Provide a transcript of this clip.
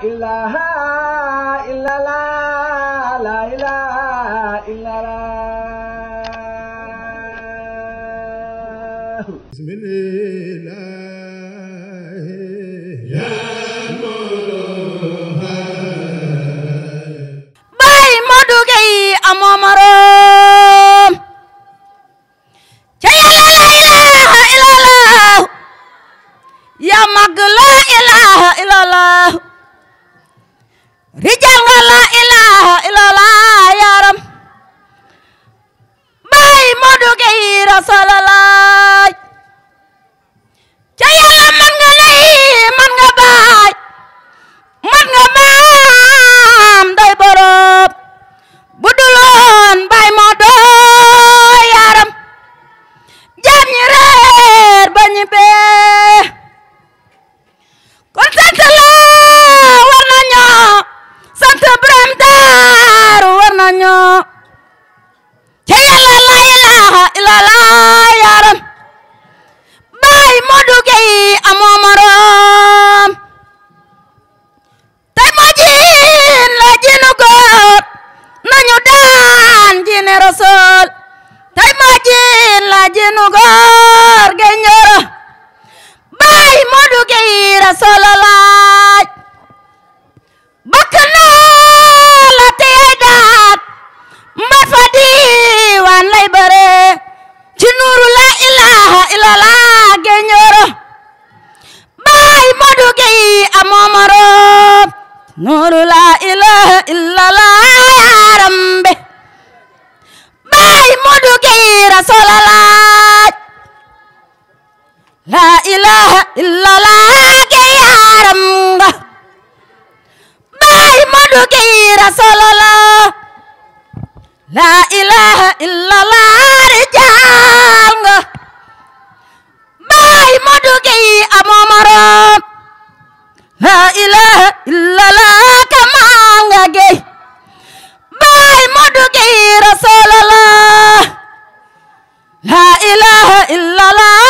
ilaha illala la ilaha illala ya muluha bye modu gay amamaro Ya magla ilaha illallah rijal nga la ilaha illallah yaram bay modu gay rasulullah Jaya man nga lay man nga bay. man nga mam day borop. bu bay modo yaram jaan ñi reer ba nugor ge bay modu ke rasulullah bakna la teedat mafadi wan lay bare ci la ilaha illallah ge bay modu ke amomaro nuru la ilaha illallah ya rambe bay modu rasulullah Rasulullah La ilaha illallah rijal nga moduki modu gi La ilaha illallah kama nga moduki Rasulullah La ilaha illallah